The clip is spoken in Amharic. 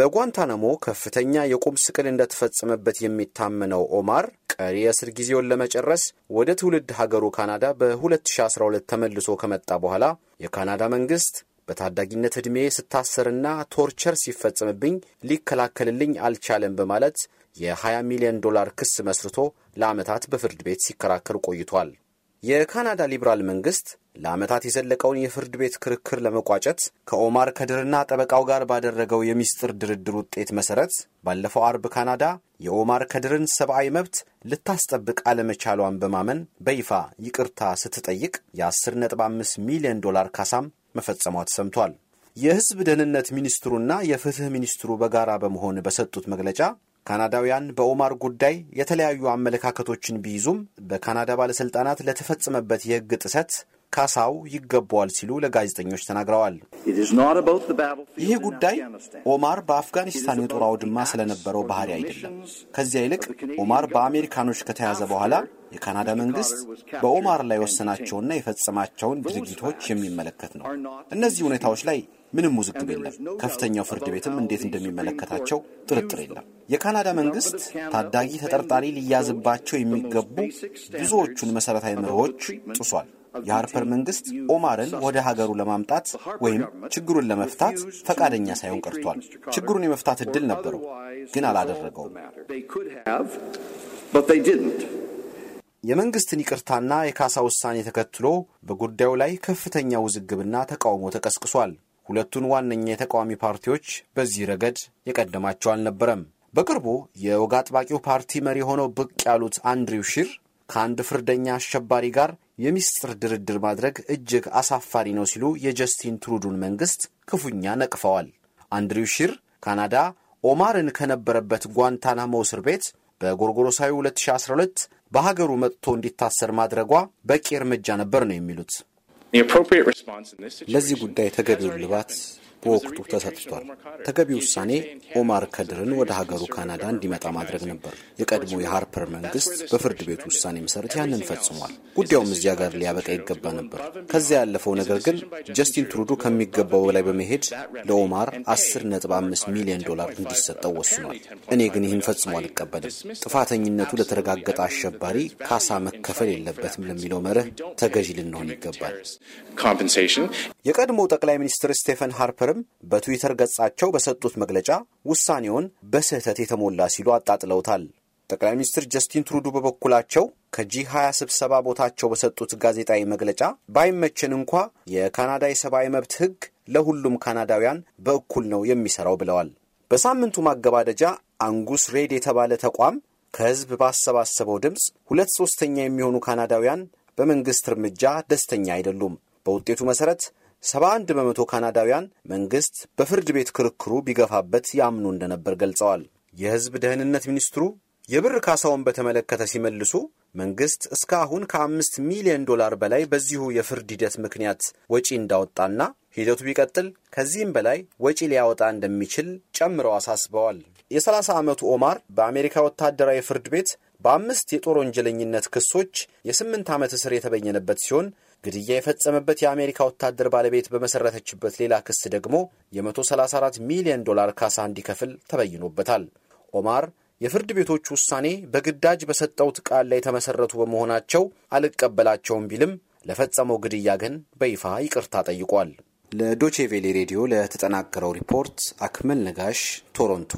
በጓንታናሞ ከፍተኛ የቁም ስቅል እንደተፈጸመበት የሚታመነው ኦማር ቀሪ የእስር ጊዜውን ለመጨረስ ወደ ትውልድ ሀገሩ ካናዳ በ2012 ተመልሶ ከመጣ በኋላ የካናዳ መንግስት በታዳጊነት ዕድሜ ስታሰርና ቶርቸር ሲፈጸምብኝ ሊከላከልልኝ አልቻለም በማለት የ20 ሚሊዮን ዶላር ክስ መስርቶ ለዓመታት በፍርድ ቤት ሲከራከር ቆይቷል። የካናዳ ሊበራል መንግስት ለዓመታት የዘለቀውን የፍርድ ቤት ክርክር ለመቋጨት ከኦማር ከድርና ጠበቃው ጋር ባደረገው የሚስጥር ድርድር ውጤት መሰረት ባለፈው አርብ ካናዳ የኦማር ከድርን ሰብአዊ መብት ልታስጠብቅ አለመቻሏን በማመን በይፋ ይቅርታ ስትጠይቅ የ10.5 ሚሊዮን ዶላር ካሳም መፈጸሟ ተሰምቷል። የሕዝብ ደህንነት ሚኒስትሩና የፍትህ ሚኒስትሩ በጋራ በመሆን በሰጡት መግለጫ ካናዳውያን በኦማር ጉዳይ የተለያዩ አመለካከቶችን ቢይዙም በካናዳ ባለሥልጣናት ለተፈጸመበት የሕግ ጥሰት ካሳው ይገባዋል ሲሉ ለጋዜጠኞች ተናግረዋል። ይህ ጉዳይ ኦማር በአፍጋኒስታን የጦር አውድማ ስለነበረው ባህሪ አይደለም። ከዚያ ይልቅ ኦማር በአሜሪካኖች ከተያዘ በኋላ የካናዳ መንግስት በኦማር ላይ የወሰናቸውና የፈጸማቸውን ድርጊቶች የሚመለከት ነው። እነዚህ ሁኔታዎች ላይ ምንም ውዝግብ የለም። ከፍተኛው ፍርድ ቤትም እንዴት እንደሚመለከታቸው ጥርጥር የለም። የካናዳ መንግስት ታዳጊ ተጠርጣሪ ሊያዝባቸው የሚገቡ ብዙዎቹን መሠረታዊ መርሆች ጥሷል። የሃርፐር መንግስት ኦማርን ወደ ሀገሩ ለማምጣት ወይም ችግሩን ለመፍታት ፈቃደኛ ሳይሆን ቀርቷል። ችግሩን የመፍታት እድል ነበረው፣ ግን አላደረገውም። የመንግስትን ይቅርታና የካሳ ውሳኔ ተከትሎ በጉዳዩ ላይ ከፍተኛ ውዝግብና ተቃውሞ ተቀስቅሷል። ሁለቱን ዋነኛ የተቃዋሚ ፓርቲዎች በዚህ ረገድ የቀደማቸው አልነበረም። በቅርቡ የወግ አጥባቂው ፓርቲ መሪ ሆነው ብቅ ያሉት አንድሪው ሺር ከአንድ ፍርደኛ አሸባሪ ጋር የሚስጥር ድርድር ማድረግ እጅግ አሳፋሪ ነው ሲሉ የጀስቲን ትሩዱን መንግስት ክፉኛ ነቅፈዋል። አንድሪው ሺር ካናዳ ኦማርን ከነበረበት ጓንታናሞ እስር ቤት በጎርጎሮሳዊ 2012 በሀገሩ መጥቶ እንዲታሰር ማድረጓ በቂ እርምጃ ነበር ነው የሚሉት። ለዚህ ጉዳይ ተገቢው ልባት በወቅቱ ተሰጥቷል። ተገቢ ውሳኔ ኦማር ከድርን ወደ ሀገሩ ካናዳ እንዲመጣ ማድረግ ነበር። የቀድሞ የሃርፐር መንግስት በፍርድ ቤቱ ውሳኔ መሰረት ያንን ፈጽሟል። ጉዳዩም እዚያ ጋር ሊያበቃ ይገባ ነበር። ከዚያ ያለፈው ነገር ግን ጀስቲን ትሩዱ ከሚገባው በላይ በመሄድ ለኦማር 10.5 ሚሊዮን ዶላር እንዲሰጠው ወስኗል። እኔ ግን ይህን ፈጽሞ አልቀበልም። ጥፋተኝነቱ ለተረጋገጠ አሸባሪ ካሳ መከፈል የለበትም ለሚለው መርህ ተገዢ ልንሆን ይገባል። የቀድሞ ጠቅላይ ሚኒስትር ስቴፈን ሃርፐር ጭምርም በትዊተር ገጻቸው በሰጡት መግለጫ ውሳኔውን በስህተት የተሞላ ሲሉ አጣጥለውታል። ጠቅላይ ሚኒስትር ጀስቲን ትሩዱ በበኩላቸው ከጂ 20 ስብሰባ ቦታቸው በሰጡት ጋዜጣዊ መግለጫ ባይመችን እንኳ የካናዳ የሰብአዊ መብት ሕግ ለሁሉም ካናዳውያን በእኩል ነው የሚሰራው ብለዋል። በሳምንቱ ማገባደጃ አንጉስ ሬድ የተባለ ተቋም ከህዝብ ባሰባሰበው ድምፅ ሁለት ሶስተኛ የሚሆኑ ካናዳውያን በመንግስት እርምጃ ደስተኛ አይደሉም። በውጤቱ መሰረት 71 በመቶ ካናዳውያን መንግስት በፍርድ ቤት ክርክሩ ቢገፋበት ያምኑ እንደነበር ገልጸዋል። የህዝብ ደህንነት ሚኒስትሩ የብር ካሳውን በተመለከተ ሲመልሱ መንግስት እስካሁን ከአምስት ሚሊዮን ዶላር በላይ በዚሁ የፍርድ ሂደት ምክንያት ወጪ እንዳወጣና ሂደቱ ቢቀጥል ከዚህም በላይ ወጪ ሊያወጣ እንደሚችል ጨምረው አሳስበዋል። የ30 ዓመቱ ኦማር በአሜሪካ ወታደራዊ ፍርድ ቤት በአምስት የጦር ወንጀለኝነት ክሶች የስምንት ዓመት እስር የተበየነበት ሲሆን ግድያ የፈጸመበት የአሜሪካ ወታደር ባለቤት በመሰረተችበት ሌላ ክስ ደግሞ የ134 ሚሊዮን ዶላር ካሳ እንዲከፍል ተበይኖበታል። ኦማር የፍርድ ቤቶች ውሳኔ በግዳጅ በሰጠውት ቃል ላይ የተመሰረቱ በመሆናቸው አልቀበላቸውም ቢልም ለፈጸመው ግድያ ግን በይፋ ይቅርታ ጠይቋል። ለዶቼቬሌ ሬዲዮ ለተጠናከረው ሪፖርት አክመል ነጋሽ ቶሮንቶ